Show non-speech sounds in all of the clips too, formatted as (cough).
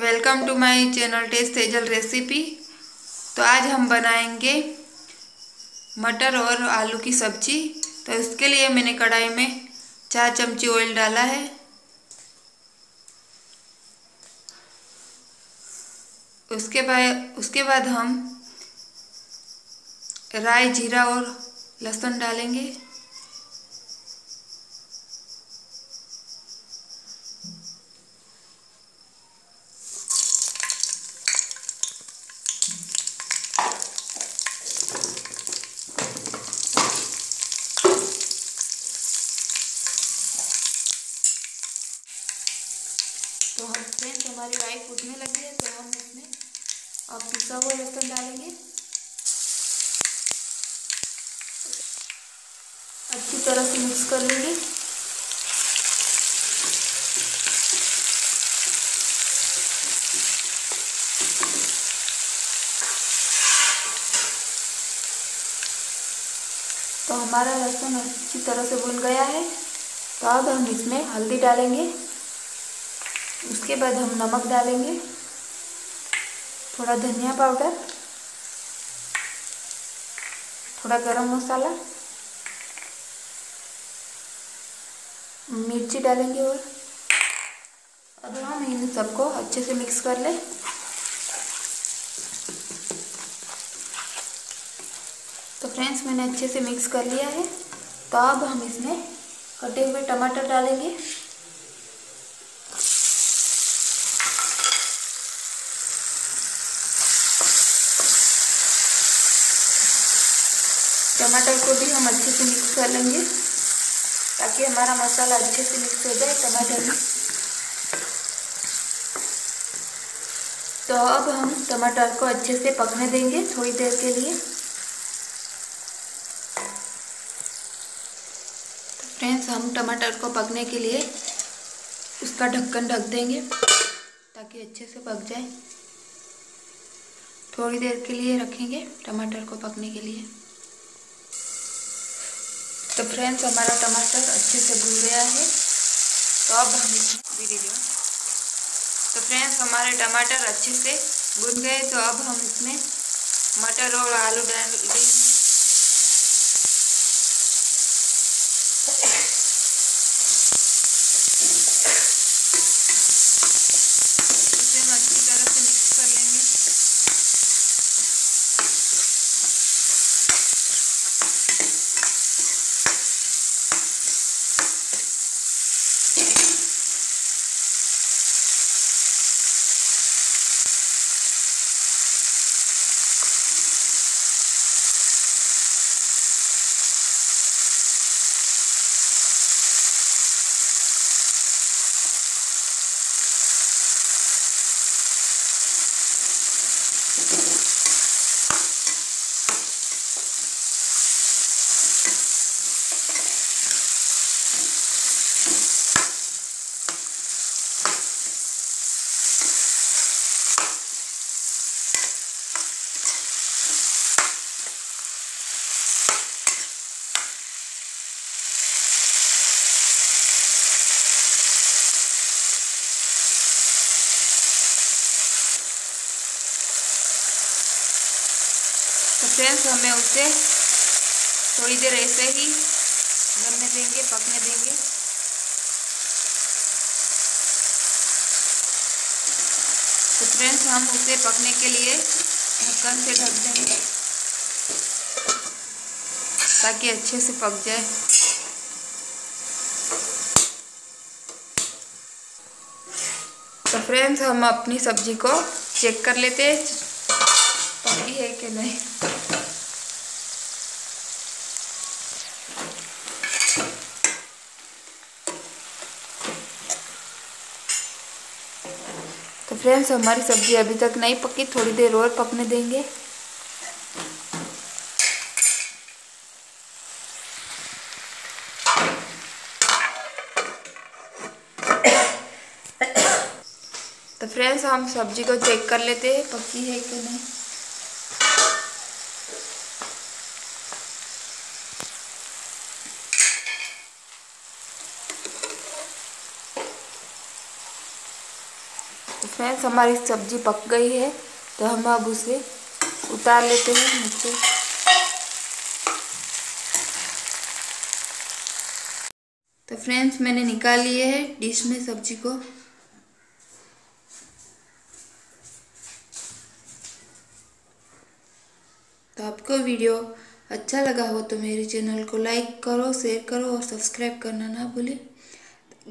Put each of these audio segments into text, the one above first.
Welcome to my channel taste Tejal recipe तो आज हम बनाएंगे मटर और आलू की सब्जी तो इसके लिए मैंने कढ़ाई में चार चमची ऑयल डाला है उसके बाद उसके बाद हम राई जीरा और लहसुन डालेंगे अब पिसा हुआ लहसुन डालेंगे अच्छी तरह से मिक्स कर लेंगे तो हमारा लहसुन अच्छी तरह से भुन गया है तो अब हम इसमें हल्दी डालेंगे उसके बाद हम नमक डालेंगे थोड़ा धनिया पाउडर थोड़ा गरम मसाला मिर्ची डालेंगे और अब हम इन सबको अच्छे से मिक्स कर लें तो फ्रेंड्स मैंने अच्छे से मिक्स कर लिया है तो अब हम इसमें कटे हुए टमाटर डालेंगे टमाटर को भी हम अच्छे से मिक्स कर लेंगे ताकि हमारा मसाला अच्छे से मिक्स हो जाए टमाटर में तो अब हम टमाटर को अच्छे से पकने देंगे थोड़ी देर के लिए तो फ्रेंड्स हम टमाटर को पकने के लिए उसका ढक्कन ढक देंगे ताकि अच्छे से पक जाए थोड़ी देर के लिए रखेंगे टमाटर को पकने के लिए तो फ्रेंड्स हमारा टमाटर अच्छे से भून गया है तो अब हम इसमें तो फ्रेंड्स हमारे टमाटर अच्छे से भुन गए तो अब हम इसमें मटर और आलू डाल देंगे तो फ्रेंड्स हमें उसे थोड़ी देर ऐसे ही गलने देंगे पकने देंगे तो फ्रेंड्स हम उसे पकने के लिए ढक्कन से ढक देंगे ताकि अच्छे से पक जाए तो फ्रेंड्स हम अपनी सब्जी को चेक कर लेते हैं पकी है कि नहीं फ्रेंड्स हमारी सब्जी अभी तक नहीं पकी थोड़ी देर और पकने देंगे (coughs) तो फ्रेंड्स हम सब्जी को चेक कर लेते हैं पकी है कि नहीं फ्रेंड्स हमारी सब्जी पक गई है तो हम अब उसे उतार लेते हैं नीचे तो फ्रेंड्स मैंने निकाल लिए है डिश में सब्जी को तो आपको वीडियो अच्छा लगा हो तो मेरे चैनल को लाइक करो शेयर करो और सब्सक्राइब करना ना भूलें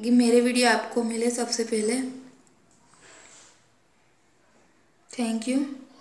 कि मेरे वीडियो आपको मिले सबसे पहले Thank you.